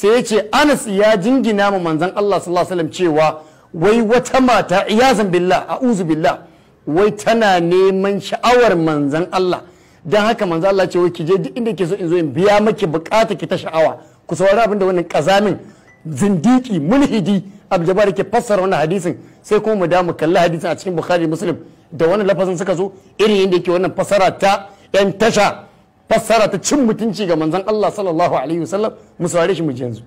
sai ya ce anas ya jingina ma manzan allah sallallahu alaihi cewa wai wata mata iyazan Billa, a uzu billah wai tana neman sha'awar manzan allah don haka manzan allah ce wai ki duk inda ke so in zo in biya maki bukata ki ta sha'awa ku saurara abin da wannan kazamin zindiki mulhidi abjabar ke fassara wannan hadisin sai kuma mu da mu kalli hadisin a cikin bukhari muslim da wannan lafazin suka zo irin inda yake wannan fassara ta yan tasha fassara ta cin mutunci ga manzon Allah sallallahu alaihi wasallam mu saurare shi mu ji yanzu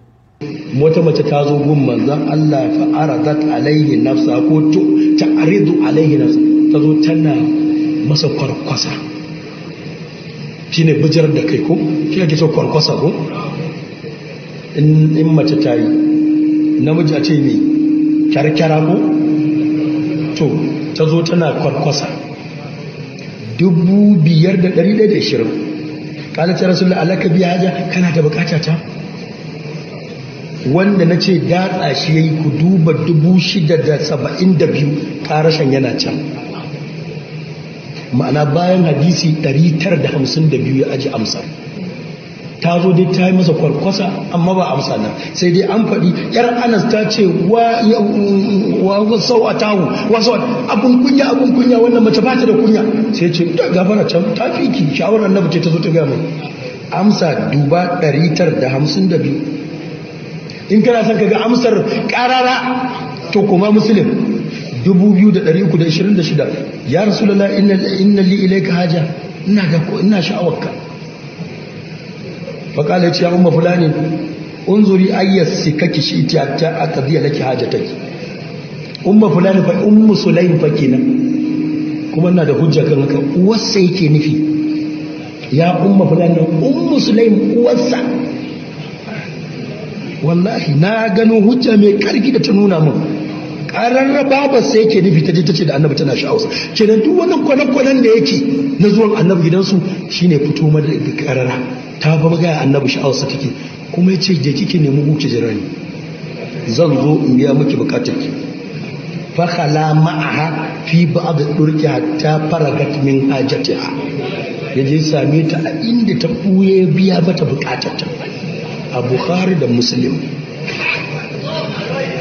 wata mace ta zo gun manzon Allah fa aradat alaihi nafsa ko ta aridu alaihi nafsa ta zo tana masa kwarkwasa shine bijar da kai ko ki ake so kwarkwasa ko in mace ta yi namiji a ce ne kyarkyara ko to ta zo tana kwarkwasa dubu biyar da ɗari ɗaya da ishirin kala ta rasu alaka biya haja kana da bukata ta wanda na ce datsa shi yi ku duba dubu shida da saba'in da biyu karashen yana can ma'ana bayan hadisi ɗari tara da hamsin ya aji amsar ta zo dai ta yi masa kwarkwasa amma ba amsa nan sai dai an faɗi yar anas ta ce wa sau a wa sau abun kunya abun kunya wannan mace ba ta da kunya sai ce da gafara can ta fiki ki shawarar na ce ta zo ta gaya mai amsa duba ɗari tar da hamsin da in kana son ka ga amsar ƙarara to kuma musulun dubu biyu da ɗari uku da ishirin da shida ya rasu inna li ilaika haja ina sha'awarka faƙala ce ya umma fulani unzuri ayyas sikaki shi ta ta aqdiya laki hajataki umma fulani fa ummu sulaim fa kenan kuma ina da hujja kan haka uwarsa yake nufi ya umma fulani ummu sulaim uwarsa wallahi na gano hujja mai ƙarfi da ta nuna min ƙarar sai yake nufi ta je ta ce da annabi tana sha'awarsa kenan duk wani kwanakwanan da yake na zuwan annabi gidansu shine fito mana da ƙarara ta bar gaya annabi sha'awarsa take kuma ya ce je kike nemi guki jirani zan zo in biya miki bukatar ki fakhala ma'aha fi ba'd durki hatta faragat min hajatiha yaje same ta a inda ta buye biya mata bukatar ta a bukhari da muslim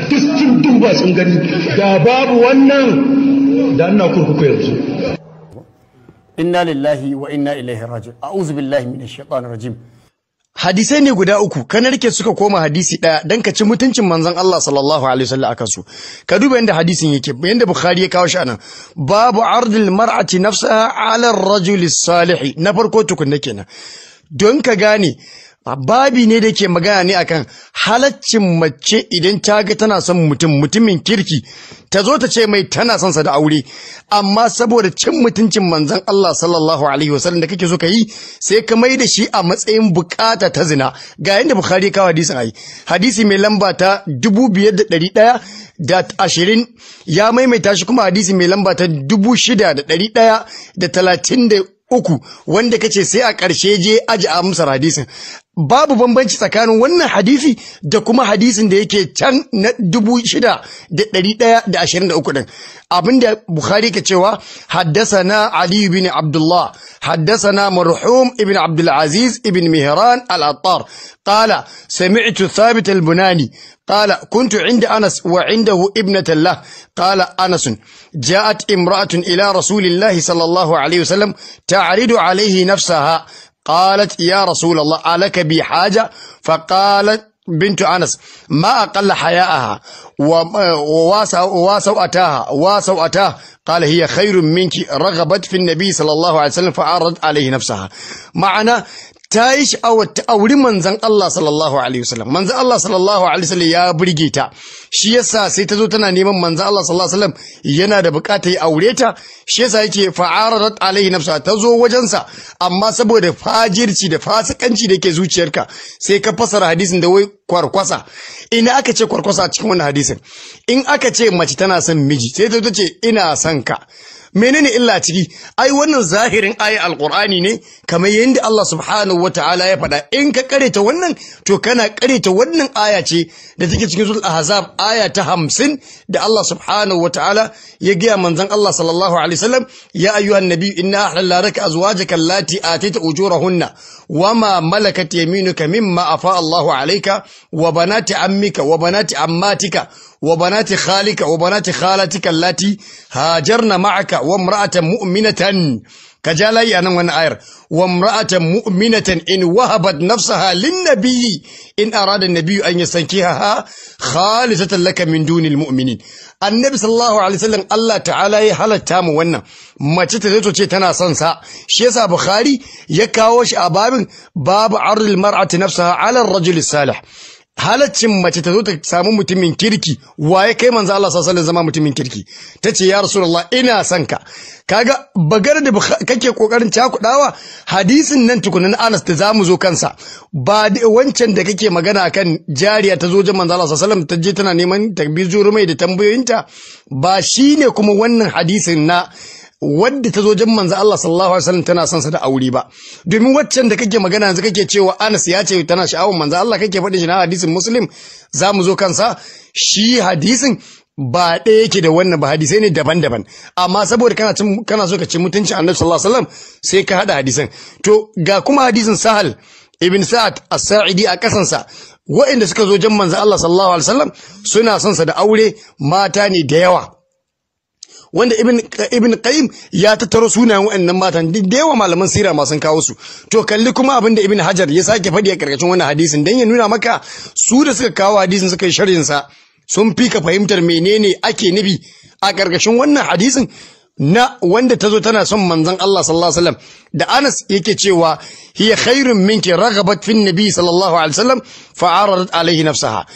duk sun sun gani da babu wannan da ana kurkuku yanzu inna lillahi wa inna ilaihi raji'un a'udhu billahi minash shaitanir rajim hadisai ne guda uku ka narke suka koma hadisi daya dan ka ci mutuncin manzon Allah sallallahu alaihi wasallam akan su ka duba yanda hadisin yake yanda bukhari ya kawo shi anan babu ardil mar'ati nafsaha ala rajuli salihi na farko tukunna kenan don ka gane babi ne da ke magana ne akan halaccin mace idan ta ga tana son mutum mutumin kirki ta zo ta ce mai tana son sa da aure amma saboda cin mutuncin manzon Allah sallallahu alaihi wasallam da kake so ka yi sai ka mai da shi a matsayin bukata ta zina ga yanda Bukhari ka hadisin ai hadisi mai lamba ta 2120 ya maimaita shi kuma hadisi mai lamba ta 6133 uku wanda kace sai a ƙarshe je aji a amsar hadisin babu bambanci tsakanin wannan hadisi da kuma hadisin da yake can na dubu shida da ɗari ɗaya da ashirin da uku ɗin abinda bukhari ka cewa haddasana ali bin abdullah haddasana marhum ibn abdulaziz ibn mihran al-attar qala sami'tu thabit al-bunani قال كنت عند أنس وعنده Ƙala. Anasun. قال أنس جاءت امرأة إلى رسول الله صلى الله عليه وسلم تعرض قالت يا رسول الله ألك بي حاجة فقالت بنت أنس ما أقل حياءها وواسو أتاها واسو أتاه قال هي خير منك رغبت في النبي صلى الله عليه وسلم فعرضت عليه نفسها معنى ta yi sha'awar ta auri manzan Allah sallallahu alaihi wasallam manzan Allah sallallahu alaihi wasallam ya burge ta shi yasa sai ta zo tana neman manzan Allah sallallahu alaihi wasallam yana da bukata ya aure ta shi yasa yake fa'aradat alaihi nafsa ta zo wajen sa, amma saboda fajirci da fasikanci da yake zuciyarka sai ka fasara hadisin da wai kwarkwasa ina aka ce kwarkwasa cikin wannan hadisin in aka ce mace tana son miji sai ta ce ina son ka menene illa ciki ai wannan zahirin ayi alqur'ani ne kamar yadda Allah subhanahu wataala ya faɗa in ka kareta wannan to kana kareta wannan aya ce da take cikin sura ahzab aya ta 50 da Allah subhanahu wataala ya ga manzon Allah sallallahu alaihi wasallam ya ayyuhan nabi inna ahlalla laka azwajaka allati atayta ujurahunna wama malakat yaminuka mimma afa Allahu alayka wa banati ammika wa banati ammatika wa banati khalika wa banati khalatika allati hajarna ma'aka wa imra'atan mu'minatan kajalai anan wannan ayar wa imra'atan mu'minatan in wahabat nafsaha lin-nabiyyi in arada an-nabiyyu an yastankihaha khalisatan laka min dunil mu'minin annabi sallallahu alaihi Allah ta'ala ya halatta mu wannan mace ta zato ce tana son sa shi yasa bukhari ya kawo shi a babin babu arrul mar'ati nafsaha ala ar-rajul halaccin mace ta zo ta samu mutumin kirki waye kai manzo Allah sallallahu alaihi zama mutumin kirki tace ya rasulullah ina son ka kaga bagar da kake kokarin cakudawa hadisin nan tukunin Anas da zamu zo kansa ba wancan da kake magana kan jariya ta zo ji manzo Allah sallallahu alaihi ta je tana neman tabbizuru mai da tambayoyinta ba shine kuma wannan hadisin na wanda ta zo jin manzo Allah sallallahu alaihi wasallam tana son sa da aure ba domin waccan da kake magana yanzu kake cewa Anas ya ce tana sha'awar manzo Allah kake faɗin shi na hadisin Muslim zamu zo kansa shi hadisin ba ɗaya yake da wannan ba hadisai ne daban-daban amma saboda kana cin kana so ka ci mutunci Annabi sallallahu alaihi wasallam sai ka hada hadisin to ga kuma hadisin Sahal ibn Sa'ad as-Sa'idi a sa waɗanda suka zo jan manzo Allah sallallahu alaihi wasallam suna son sa da aure mata ne da yawa wanda ibn ibn qayyim ya tattaro sunayen waɗannan matan duk da yawa malaman sira ma sun kawo su to kalli kuma abin da ibn hajar ya sake faɗi a karkashin wannan hadisin dan ya nuna maka su da suka kawo hadisin suka yi sharhin sa sun fi ka fahimtar menene ake nufi a karkashin wannan hadisin na wanda tazo tana son manzon Allah sallallahu alaihi wasallam da Anas yake cewa hiya khairun minki raghabat fin nabi sallallahu alaihi wasallam fa'aradat alaihi nafsaha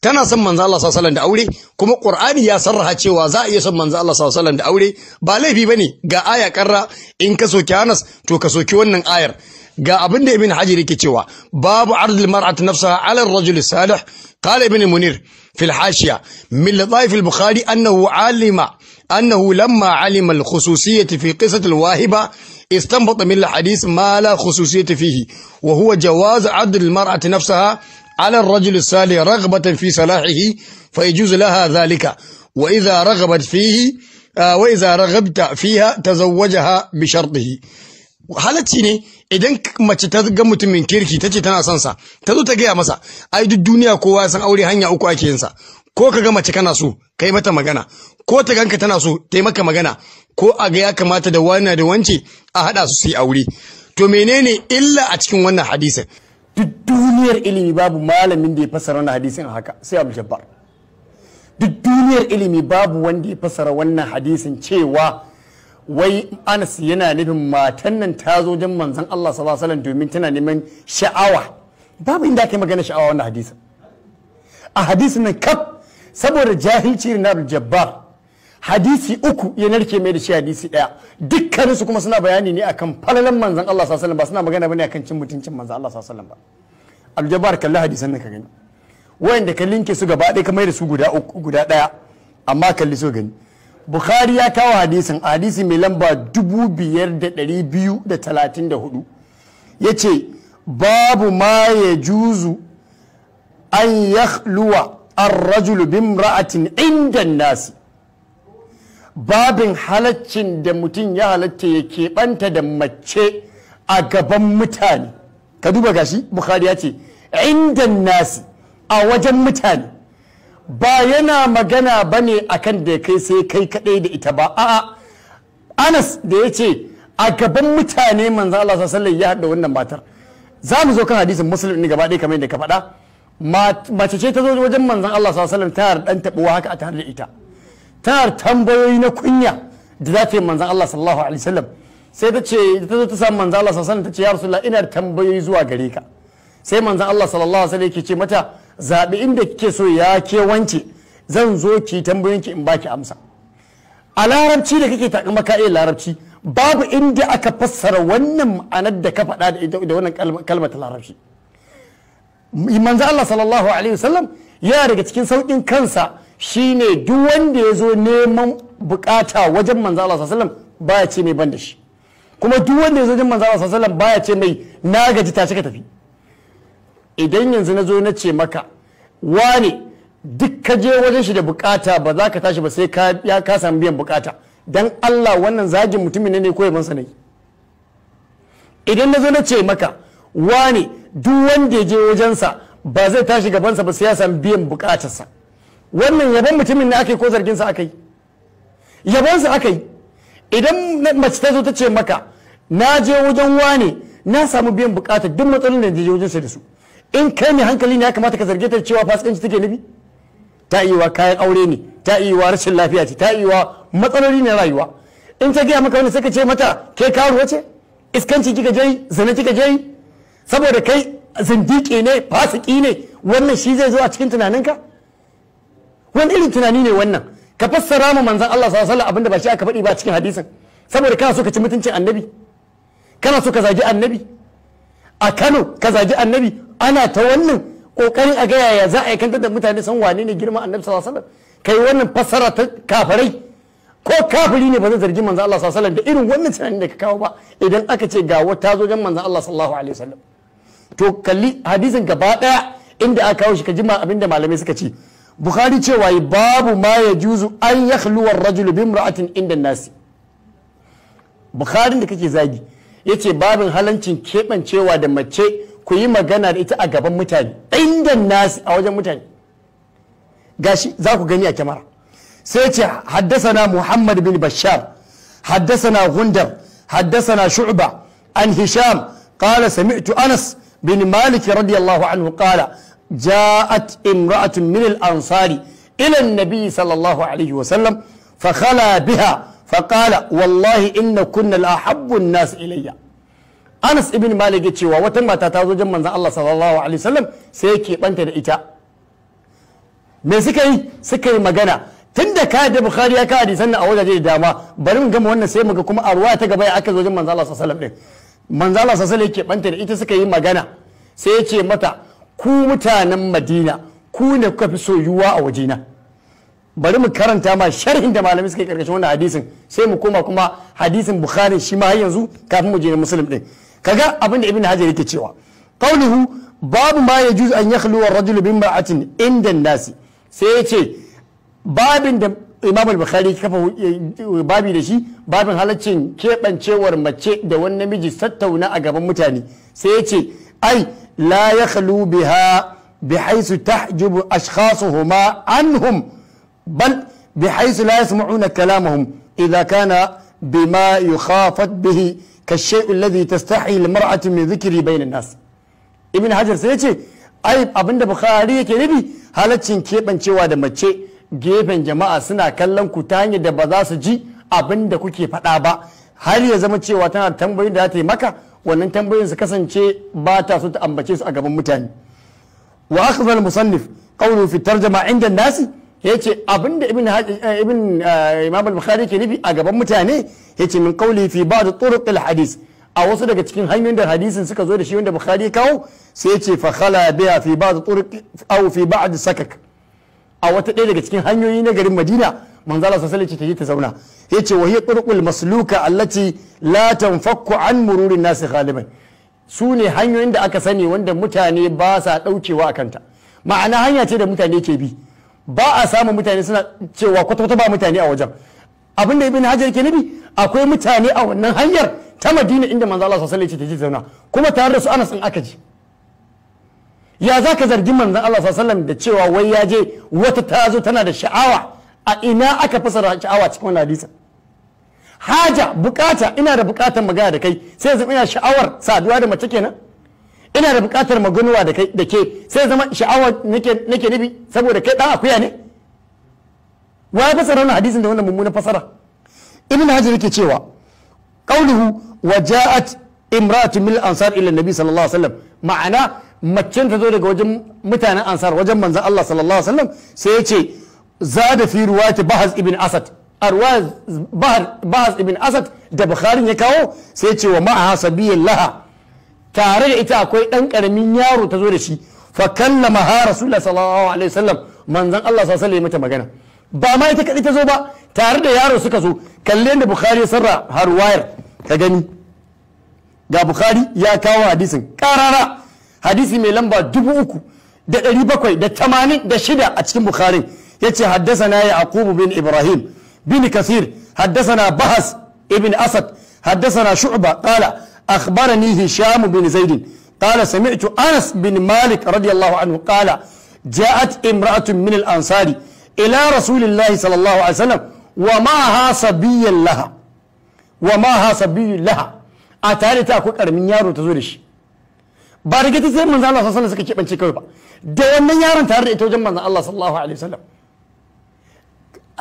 tana son manzo Allah sallallahu alaihi da aure kuma Qur'ani ya sarraha cewa za a iya son manzo Allah sallallahu da aure ba laifi bane ga aya karra in ka soki Anas to ka soki wannan ayar ga abin da Ibn Hajar yake cewa babu ardil mar'ati nafsaha ala ar-rajul salih qala Ibn Munir في min من لطائف البخاري أنه علم أنه لما علم الخصوصية في قصة الواهبة استنبط من الحديث ما لا خصوصية فيه وهو جواز عدل المرأة نفسها على الرجل الصالح رغبة في صلاحه فيجوز لها ذلك وإذا رغبت فيه وإذا رغبت فيها تزوجها بشرطه halacci ne idan mace ta ga mutumin kirki ta ce tana son sa ta zo ta gaya masa ai duk duniya kowa san aure hanya uku ake yin sa ko ka ga mace kana so kai mata magana ko ta ganka tana so ta maka magana ko a ga ya kamata da wani da wance a hada su su yi aure to menene illa a cikin wannan hadisin duk duniyar ilimi babu malamin da ya fassara wannan hadisin haka sai abu Jabbar duk duniyar ilimi babu wanda ya fasara wannan hadisin cewa wai Anas yana nufin matan nan ta zo don manzon Allah sallallahu domin tana neman sha'awa babu inda ka yi magana sha'awa wannan hadisin a hadisin nan kaf saboda jahilci na abu Jabbar hadisi uku ya narke mai da shi hadisi daya dukkaninsu kuma suna bayani ne akan falalan manzan Allah sallallahu alaihi ba suna magana bane akan cin mutuncin manzan Allah sallallahu alaihi ba aljabar kalli hadisan nan ka gani wayanda ka linke su gaba ɗaya mai da su guda uku guda daya amma kalli so gani bukhari ya kawo hadisin hadisi mai lamba 5234 yace babu ma ya juzu an yakhluwa ar-rajulu bimra'atin inda nasi babin halaccin da mutum ya halatta ya keɓanta da mace a gaban mutane ka duba gashi bukhari ya ce inda nasi a wajen mutane ba yana magana ba ne a kan da kai sai kai kaɗai da ita ba a'a anas da ya ce a gaban mutane manzan Allah sallallahu ya haɗa wannan matar za mu zo kan hadisin musulun ne gaba ɗaya kamar yadda ka faɗa mace ce ta zo wajen manzan Allah sallallahu ta ɗan taɓuwa haka a tare da ita ta tambayoyi na kunya da za ta yi manzan Allah sallallahu alaihi wasallam sai ta ce ta zo ta samu manzan Allah sallallahu alaihi wasallam ta ce ya rasulullah ina tambayoyi zuwa gare ka sai manzan Allah sallallahu alaihi wasallam yake ce mata zabi inda kike so ya ke wance zan zo ki tambayoyin ki in baki amsa a larabci da kake takama maka eh larabci babu inda aka fassara wannan ma'anar da ka faɗa da wannan kalmar ta larabci manzan Allah sallallahu alaihi wasallam yana daga cikin saukin kansa shi ne duk wanda ya zo neman bukata wajen manzo Allah ba baya ce mai ban da shi kuma duk wanda ya zo wajen manzo Allah ba baya ce mai na gaji ta ka tafi idan yanzu na zo na ce maka wane duk ka je wajen shi da bukata ba za ka tashi ba sai ya ka samu biyan bukata dan Allah wannan zagin mutumin ne ko yaban idan na zo na ce maka wane duk wanda ya je wajensa ba zai tashi gabansa ba sai ya samu biyan bukatarsa wannan yabon mutumin ne aka ko zargin sa aka yi aka yi idan mace ta zo ta ce maka na je wajen wane na samu biyan bukatar duk matsalolin da je wajen sa da su in kai mai hankali ne ya kamata ka zarge ta cewa fasikanci take nufi ta yi wa kayan aure ne ta yi wa rashin lafiya ce ta yi wa matsaloli ne rayuwa in ta gaya maka wani sai ka ce mata kai karuwa ce iskanci kika je zina kika je saboda kai zindiki ne fasiki ne wannan shi zai zo a cikin tunaninka wani irin tunani ne wannan ka fassara mu manzon Allah sallallahu alaihi abinda ba shi aka faɗi ba cikin hadisin saboda kana so ka ci mutuncin annabi kana so ka zagi annabi a Kano ka zagi annabi ana ta wannan kokarin a ga yaya za a yi kantar da mutane san wane ne girman annabi sallallahu alaihi kai wannan fassara ta kafirai ko kafiri ne ba zai zargi manzan Allah sallallahu alaihi wasallam da irin wannan tunanin da ka kawo ba idan aka ce ga wata zo gan manzo Allah sallallahu alaihi wasallam to kalli hadisin gaba daya inda aka kawo shi ka jima abinda malamai suka ce bukhari cewa babu ma ya juzu an ya khluwar rajulu bin ra'atin inda nasi bukharin da kake zagi yace babin halancin keɓancewa da mace ku yi magana da ita a gaban mutane inda nasi a wajen mutane gashi za ku gani a kyamara sai ce haddasana muhammad bin bashar haddasana gundar haddasana shu'ba an hisham qala sami'tu anas bin malik radiyallahu anhu qala جاءت امرأة من الأنصار إلى النبي صلى الله عليه وسلم فخلا بها فقال والله إن كنا الأحب الناس إلي أنس ابن مالك يتشوى وتم تتازو جمع الله صلى الله عليه وسلم سيكي بنت الإتاء من سكي سكي suka tunda ka da bukhari ya ka hadisan a wajaje da dama bari mu gama wannan sai mu ga kuma arwa ta gaba ya aka zo wajen manzo Allah sallallahu alaihi wasallam din manzo Allah sallallahu alaihi wasallam yake banta da ita suka yi magana sai ya ce mata ku mutanen madina ku ne kuka fi soyuwa a waje na? bari mu karanta ma sharhin da malamai suka yi karkashin wannan hadisin sai mu koma kuma hadisin bukhari shi ma har yanzu kafin mu je na muslim din ga abin da ibn hajar yake cewa qawluhu babu ma juz an yakhlu ar-rajulu bi imra'atin inda nasi sai ya ce babin da imam al-bukhari kafa babi da shi babin halaccin keɓancewar mace da wani namiji sattauna a gaban mutane sai ya ce ai la yakhlu biha بحيث تحجب أشخاصهما عنهم بل بحيث لا يسمعون كلامهم إذا كان بما يخافت به كالشيء الذي تستحي المرأة من ذكره بين الناس ابن حجر سيتي أي أبن بخاري كنبي halaccin keɓancewa da mace gefen jama'a suna kallon ku ta da ba za su ji abinda kuke faɗa ba har ya zama cewa tana tambayoyin da za ta wannan tambayoyin su kasance ba ta so ta ambace su a gaban mutane wa akhadha al-musannif qawlu fi tarjuma inda nasi yace abinda ibn eh, ibn eh, imam al-bukhari ke nufi a gaban mutane yace min qawli fi ba'd turuq al-hadith a wasu daga cikin hanyoyin da hadisin suka zo da shi wanda bukhari kawo sai yace fa khala biha fi ba'd turuq aw fi ba'd sakak a wata ɗaya daga cikin hanyoyi na garin madina manzala sa sallallahu alaihi ta zauna yace wa hiya turqul masluka allati la tanfakku an mururin nas ghaliban su ne hanyoyin da aka sani wanda mutane ba sa daukewa a kanta ma'ana hanya ce da mutane ke bi ba a samun mutane suna cewa kwata-kwata ba mutane a wajen abin da ibn hajar ke nabi akwai mutane a wannan hanyar ta madina inda manzo Allah sallallahu alaihi wasallam zauna kuma tare da su Anas in aka ji ya zaka zargi manzon Allah sallallahu alaihi wasallam da cewa wai ya je wata ta zo tana da sha'awa a ina aka fasara sha'awa cikin wannan hadisin haja bukata ina da bukatar magana da kai sai zama ina sha'awar saduwa da mace kenan ina da bukatar maganuwa da kai da ke sai zama sha'awar nake nufi saboda kai dan akuya ne wa ya fasara wannan hadisin da wannan mummunan fasara ibn hajar yake cewa qauluhu wa ja'at imratu mil ansar ila nabi sallallahu alaihi wasallam ma'ana macen ta zo daga wajen mutanen ansar wajen manzon Allah sallallahu alaihi wasallam sai ya ce zada ruwa ta bahaz ibn asad arwaz bahaz ibn asad da bukharin ya kawo sai cewa wa ma'a sabiyin tare da ita akwai ɗan karamin yaro ta zo da shi fa kallama ha sallallahu alaihi wasallam manzon Allah sallallahu alaihi mata magana ba ma ita kadai ta zo ba tare da yaro suka zo kalle da bukhari ya sarra har wayar ka gani ga bukhari ya kawo hadisin karara hadisi mai lamba dubu uku da ɗari bakwai da tamanin da shida a cikin bukharin yace haddasana yaqub bin ibrahim bin haddasa na bahas ibn asad na shu'ba qala akhbarani hisham bin zaid قال سمعت أنس بن مالك رضي الله عنه قال جاءت امرأة من الأنصار إلى رسول الله صلى الله عليه وسلم ومعها صبي لها ومعها صبي لها أتاري تأكل أرمين يارو تزولش ba da sai manzo Allah sallallahu alaihi wasallam suka kebance kawai ba da wannan yaron tare da ita wajen manzo Allah sallallahu alaihi wasallam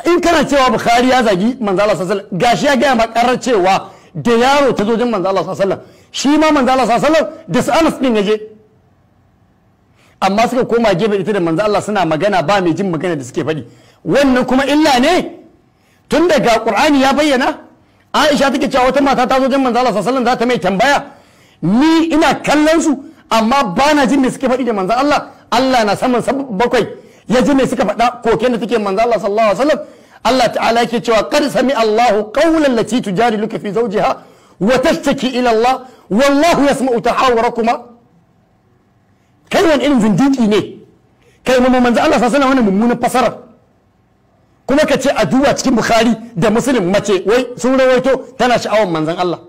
in kana cewa bukhari ya zagi manzala Allah gashi ya gaya makarar cewa da yaro ta zojin manzala Allah shi ma manzala da su Anas din yaje amma suka koma gefe ita da manzala suna magana ba mai jin magana da suke faɗi wannan kuma illa ne tun daga Qur'ani ya bayyana Aisha take cewa wata mata ta zojin manzala manzo zata za ta mai tambaya ni ina kallon su amma ba na jin da suke faɗi da manzala Allah Allah na saman bakwai ya ji me suka faɗa koken da take manzo Allah sallallahu alaihi wasallam Allah ta'ala yake cewa qad sami Allahu qawlan lati tujadiluka fi zawjiha wa tashtaki ila Allah wallahu yasma'u tahawurakuma kai wani irin zindiki ne kai mu manzo Allah sallallahu alaihi wasallam mummunan fasara kuma ka ce a duba cikin bukhari da muslim mace wai sun rawaito tana sha'awar manzon Allah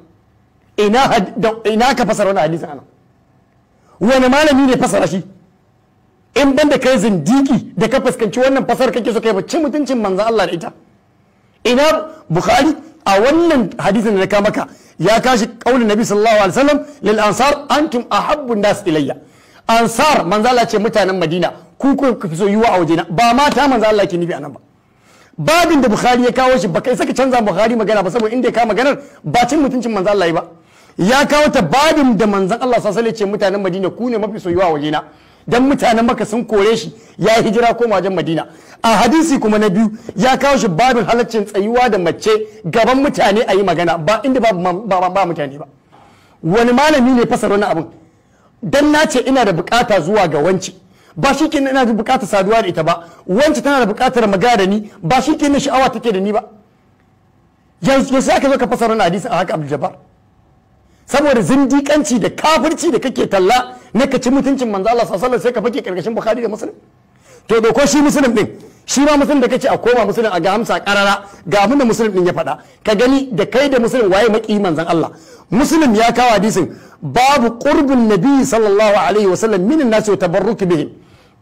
ina ina ka fasara wannan hadisi ana wani malami ne fasara shi in ban da kai zindiki da ka fuskanci wannan fasar kake so kai ba ci mutuncin manzan Allah da ita ina bukhari a wannan hadisin da ka maka ya kashi kauli nabi sallallahu alaihi wasallam lil ansar antum ahabbu nas ilayya ansar manzo Allah ce mutanen madina ku ku fi so yiwa a wajena ba mata manzo Allah ke nufi anan ba babin da bukhari ya kawo shi baka saka canza bukhari magana ba saboda inda ya kawo maganar ba cin mutuncin manzo Allah ba ya kawo ta babin da manzon Allah sallallahu alaihi wasallam ce mutanen madina ku ne mafi so yiwa a wajena dan mutanen maka sun kore shi ya yi hijira ko wajen madina a hadisi kuma na biyu ya kawo shi babin halaccin tsayuwa da mace gaban mutane a yi magana ba inda ba mutane ba wani malami ne fasar wani abin dan na ce ina da bukata zuwa ga wanci ba shi kenan ina da bukata saduwa da ita ba wanci tana da bukatar magana da ni ba shi kenan sha'awa take da ni ba yanzu sai aka zo ka fasar wani hadisi a haka abdul jabbar saboda zindikanci da kafirci da kake talla na ka ci mutuncin manzo Allah sallallahu sai ka fake karkashin Bukhari da Muslim to doko shi Muslim din shi ma Muslim da kace a koma Muslim a ga hamsa karara ga abin da Muslim din ya faɗa ka gani da kai da Muslim waye maki manzon Allah Muslim ya kawo hadisin babu qurbun nabi sallallahu alaihi wasallam min nasi tabarruk bihi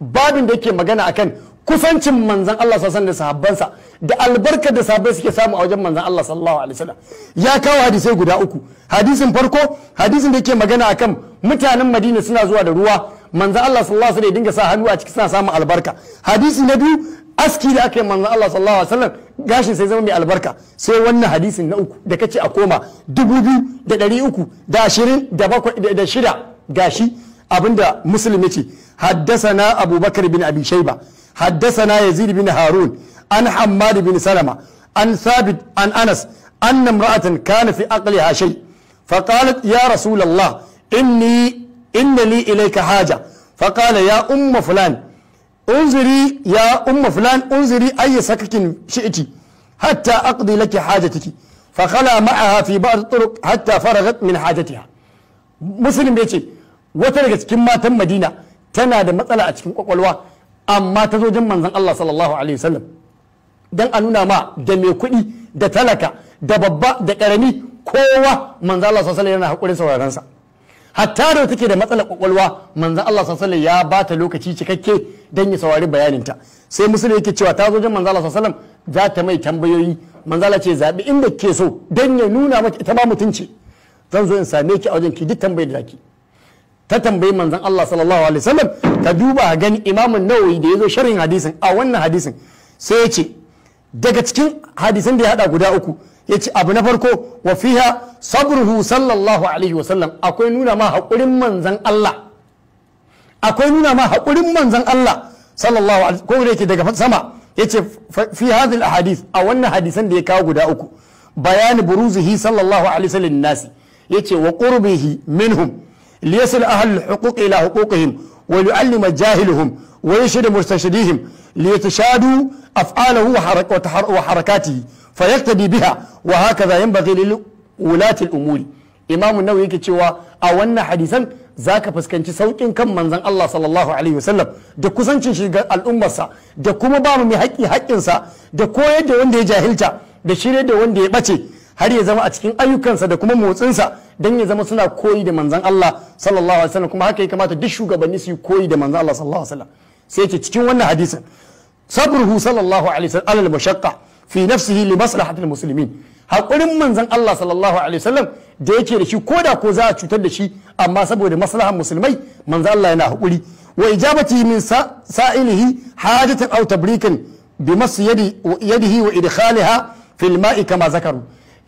babin da yake magana akan kusancin manzan Allah sassan da sahabbansa da albarkar da sahabbai suke samu a wajen manzan Allah sallallahu alaihi wasallam ya kawo hadisai guda uku hadisin farko hadisin da yake magana akan mutanen Madina suna zuwa da ruwa manzan Allah sallallahu alaihi wasallam ya dinga sa hannu a ciki suna samun albarka hadisi na biyu aski da aka yi manzan Allah sallallahu alaihi wasallam gashin sai zama mai albarka sai wannan hadisin na uku da kace a koma dubu biyu da ɗari uku da ashirin da bakwai da shida gashi abinda musulmi musulmi ce haddasa na abubakar bin abi shaiba حدثنا يزيد بن هارون عن حماد بن سلمة عن ثابت عن أنس أن امرأة كان في عقلها شيء فقالت يا رسول الله إني إن لي إليك حاجة فقال يا أم فلان انظري يا أم فلان انظري أي سكك شئت حتى أقضي لك حاجتك فخلا معها في بعض الطرق حتى فرغت من حاجتها مسلم يقول wata daga cikin matan madina tana da matsala a cikin kwakwalwa amma ta zo jin manzon Allah sallallahu alaihi wasallam dan a nuna ma da mai kuɗi da talaka da babba da ƙarami kowa manzon Allah sallallahu alaihi wasallam yana hakurin sauraron sa hatta da take da matsalar kwakwalwa manzon Allah sallallahu alaihi ya bata lokaci cikakke dan ya saurari bayaninta sai musulmi yake cewa ta zo jin manzon Allah sallallahu za ta mai tambayoyi manzala ce zabi inda ke so dan ya nuna maka ita ma mutunci zan zo in same ki a wajen ki duk tambayar da ki ta tambayi manzon Allah sallallahu alaihi wasallam ta duba gani imamun nawawi da yazo sharhin hadisin a wannan hadisin sai ya ce daga cikin hadisin da ya hada guda uku ya ce abu na farko wa fiha sabruhu sallallahu alaihi wasallam akwai nuna ma haƙurin manzan Allah akwai nuna ma haƙurin manzan Allah sallallahu alaihi ko yake daga sama ya ce fi hadhihi hadis a wannan hadisan da ya kawo guda uku bayani buruzihi sallallahu alaihi wasallam nasi ya ce wa qurbihi minhum ليصل أهل الحقوق إلى حقوقهم وليعلم جاهلهم ويشهد مستشديهم ليتشادوا أفعاله وحرك وتحر وحركاته فيقتدي بها وهكذا ينبغي لولاة الأمور إمام النووي كتشوى أولنا حديثا zaka fuskanci sauƙin kan manzon Allah sallallahu alaihi wasallam da kusancin shi ga al'ummarsa da kuma ba mu mai haƙƙi haƙƙinsa da koyar da wanda ya jahilta da shirye da wanda ya ɓace har ya zama a cikin ayyukansa da kuma motsinsa don ya zama suna koyi da manzan Allah sallallahu alaihi wasallam kuma haka ya kamata duk shugabanni su koyi da manzan Allah sallallahu alaihi wasallam sai ce cikin wannan hadisin sabruhu sallallahu alaihi wasallam alal mashaqqa fi nafsihi li maslahatil muslimin hakurin manzan Allah sallallahu alaihi wasallam da yake da shi koda ko za a cutar da shi amma saboda maslahan musulmai manzan Allah yana hakuri wa ijabati min sa'ilihi hajatan aw tabrikan bi yadihi wa idkhalaha fil ma'i kama zakaru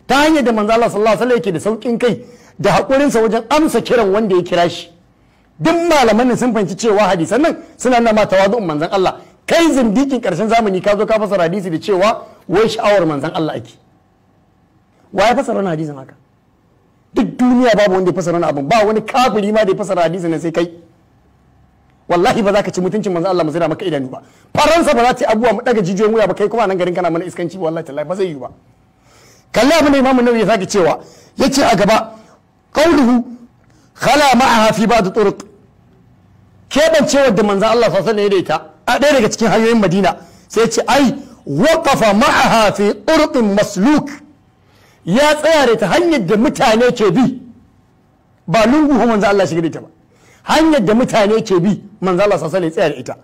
ta hanyar da manzo Allah sallallahu alaihi wasallam yake da saukin kai da sa wajen amsa kiran wanda ya kira shi duk malaman sun fahimci cewa hadisan nan suna nama ma tawazu'un manzon Allah kai zindikin karshen zamani ka zo ka fasara hadisi da cewa wai sha'awar manzon Allah ake wa ya fasara wannan hadisin haka duk duniya babu wanda ya fasara wannan abin ba wani kafiri ma da ya fasara hadisin nan sai kai wallahi ba za ka ci mutuncin manzon Allah musira maka idanu ba faransa ba za ta yi abubuwa mu daga jijiyoyin wuya ba kai kuma nan garin kana mana iskanci wallahi tallahi ba zai yi ba kalli abin da imamu nawawi ya sake cewa ce a gaba qauluhu khala ma'aha fi ba'd turuq kebancewar da manzon Allah sallallahu alaihi da ita a ɗaya daga cikin hanyoyin Madina sai ya ce ai waƙafa ma'aha fi turuqin masluk ya tsaya da ta hanyar da mutane ke bi ba lungu ko manzon Allah shiga da ita ba hanyar da mutane ke bi manzon Allah sallallahu alaihi tsaya da ita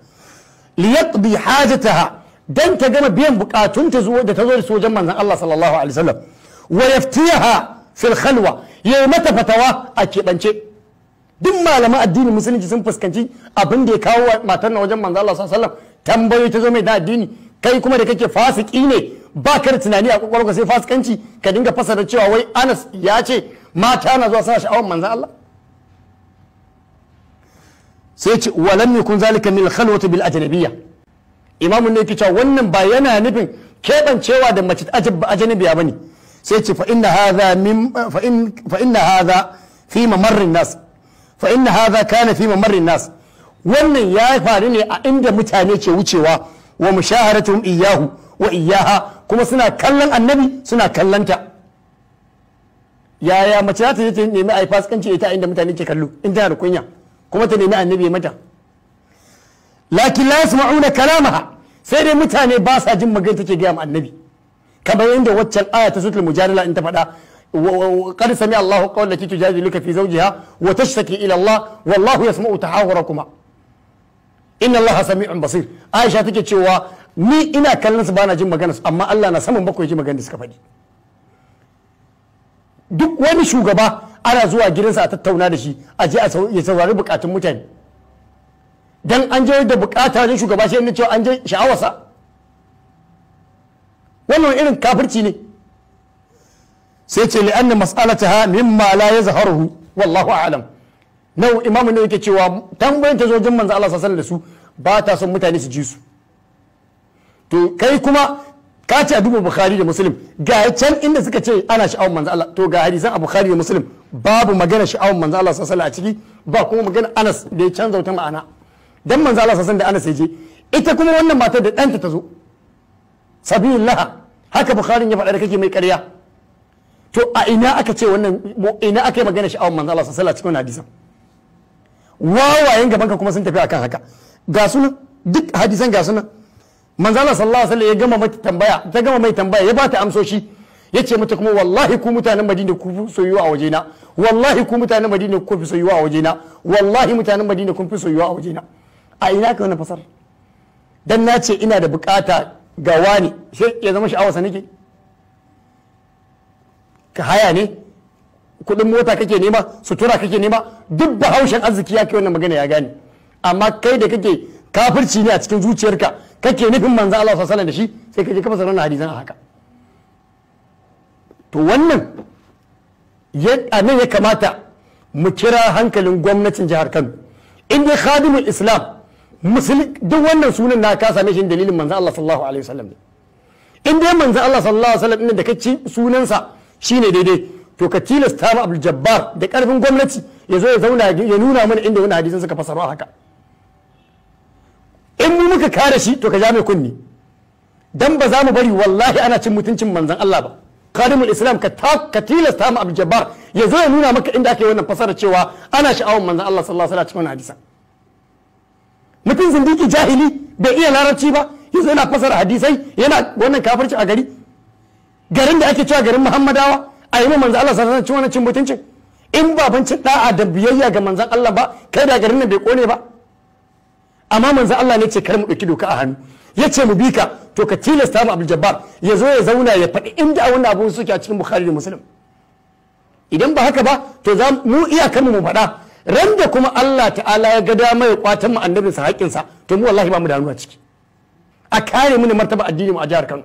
liyaqdi hajataha dan ta gama biyan bukatun ta zuwa da ta zo da su wajen manzon Allah sallallahu alaihi wasallam wa yaftiha fil khalwa yayi mata fatawa a keɓance duk malaman addinin musulunci sun fuskanci abin da ya kawo matar na wajen manzon Allah sallallahu alaihi wasallam tambayoyi ta zo mai da addini kai kuma da kake fasiki ne ba ka da tunani a kwakwalwa sai fasikanci ka dinga fasara cewa wai Anas ya ce mata na zuwa sa sha'awar manzon Allah sai ce walam yakun zalika min khalwati bil ajnabiyya imamun ne cewa wannan ba yana nufin keɓancewa da mace ajanabiya ba ne sai ce fa inna hadha min fa inna hadha fi mamarrin nas fa inna hadha kana fi mamarin nas wannan ya faru ne a inda mutane ke wucewa wa mushaharatuhum iyyahu wa iyaha kuma suna kallon annabi suna kallonta yaya mace za ta je ta nemi a yi fasikanci ita inda mutane ke kallo in tana da kunya kuma ta nemi annabi mata lakin la yasma'una kalamaha sai dai mutane ba sa jin magana take gaya annabi kamar yadda waccan aya ta sutul mujadala in ta faɗa qad sami Allahu qawla lati tujadiluka fi zawjiha wa tashtaki ila Allah wallahu yasma'u tahawurakuma inna Allah sami'un basir Aisha take cewa ni ina kallon su bana jin magana amma Allah na saman bakwai ji magana da suka faɗi duk wani shugaba ana zuwa gidansa a tattauna da shi a je a saurari bukatun mutane dan an je da bukata ne shugaba sai cewa an je sha'awarsa wannan irin kafirci ne sai ce li'anna mas'alataha mimma la yazharuhu wallahu a'lam nau imamu ne yake cewa tambayin ta zojin manzo Allah sallallahu da su ba ta son mutane su ji su to kai kuma ka ce a bukhari da muslim ga can inda suka ce ana sha'awar manzo Allah to ga hadisan a bukhari da muslim babu magana sha'awar manzo Allah sallallahu alaihi a ciki ba kuma magana Anas da ya canza wata ma'ana dan manzo Allah sallallahu da Anas je ita kuma wannan matar da ɗanta ta zo sabilillah haka bukharin ya faɗa da kake mai ƙarya to a ina aka ce wannan ina aka yi magana sha'awar manzo Allah sallallahu cikin hadisan wawayen gaban ka kuma sun tafi akan haka ga sunan duk hadisan ga sunan manzo Allah sallallahu alaihi wasallam ya gama mata tambaya ta gama mai tambaya ya bata amsoshi ya ce mata kuma wallahi ku mutanen madina ku fi soyuwa a wajena wallahi ku mutanen madina ku fi soyuwa a wajena wallahi mutanen madina ku fi soyuwa a wajena a ina ka wannan fasar dan na ce ina da bukata ga wani sai ya zama sha'awarsa nake ka haya ne kudin mota kake nema sutura kake nema duk bahaushen arziki ya kai wannan magana ya gane amma kai da kake kafirci ne a cikin zuciyarka kake nufin manzo Allah sallallahu da shi sai kaje kafa sanar hadisan a haka to wannan a nan ya kamata mu kira hankalin gwamnatin jihar Kano in dai khadimul Islam musulun duk wannan sunan na ka same shi dalilin manzo Allah sallallahu alaihi wasallam ne in dai manzo Allah sallallahu alaihi wasallam da kace sunansa shine daidai to ka tilasta ma Abdul Jabbar da karfin gwamnati ya zo ya zauna ya nuna mana inda wani hadisin suka fasara haka in mu muka kare shi to ka ja mai kunni dan ba za mu bari wallahi ana cin mutuncin manzon Allah ba kadimul islam ka ka tilasta ma Abdul Jabbar ya zo ya nuna maka inda ake wannan fasara cewa ana sha'awan manzon Allah sallallahu alaihi wasallam cikin hadisin mutum zindiki jahili bai iya lararci ba yanzu yana fasara hadisai yana wannan kafirci a gari garin da ake cewa garin muhammadawa a yi manzo Allah sallallahu alaihi wasallam cin mutuncin in ba bancin da'a da biyayya ga manzan Allah ba kai da garin nan bai kone ba amma manzan Allah ne ce kar mu ɗauki doka a hannu ya ce mu bi ka to ka tilasta mu Abdul Jabbar ya zo ya zauna ya faɗi inda a wannan abu suke a cikin Bukhari da Muslim idan ba haka ba to za mu iyakar mu mu faɗa ran da kuma Allah ta'ala ya ga dama ya kwatan mu annabinsa haƙƙinsa to mu wallahi ba mu da hannu ciki a kare mu ne martaba addini mu a jihar Kano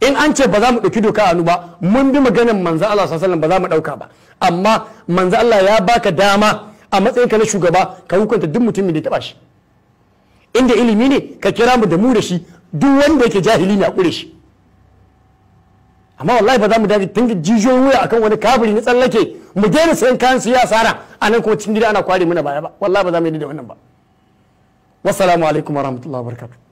in an ce ba za mu ɗauki doka a hannu ba mun bi maganar manzo Allah sallallahu ba za mu ɗauka ba amma manzo Allah ya baka dama a matsayin ka na shugaba ka hukunta duk mutumin da ya taba shi inda ilimi ne ka kira mu da mu da shi duk wanda yake jahili ne a kure shi amma wallahi ba za mu dage tunga jijiyoyin wuya akan wani kafiri na tsallake mu daina sayan kayan su ya sara a nan kuma cikin gida ana kware muna baya ba wallahi ba za mu yi da wannan ba wassalamu alaikum warahmatullahi wabarakatuh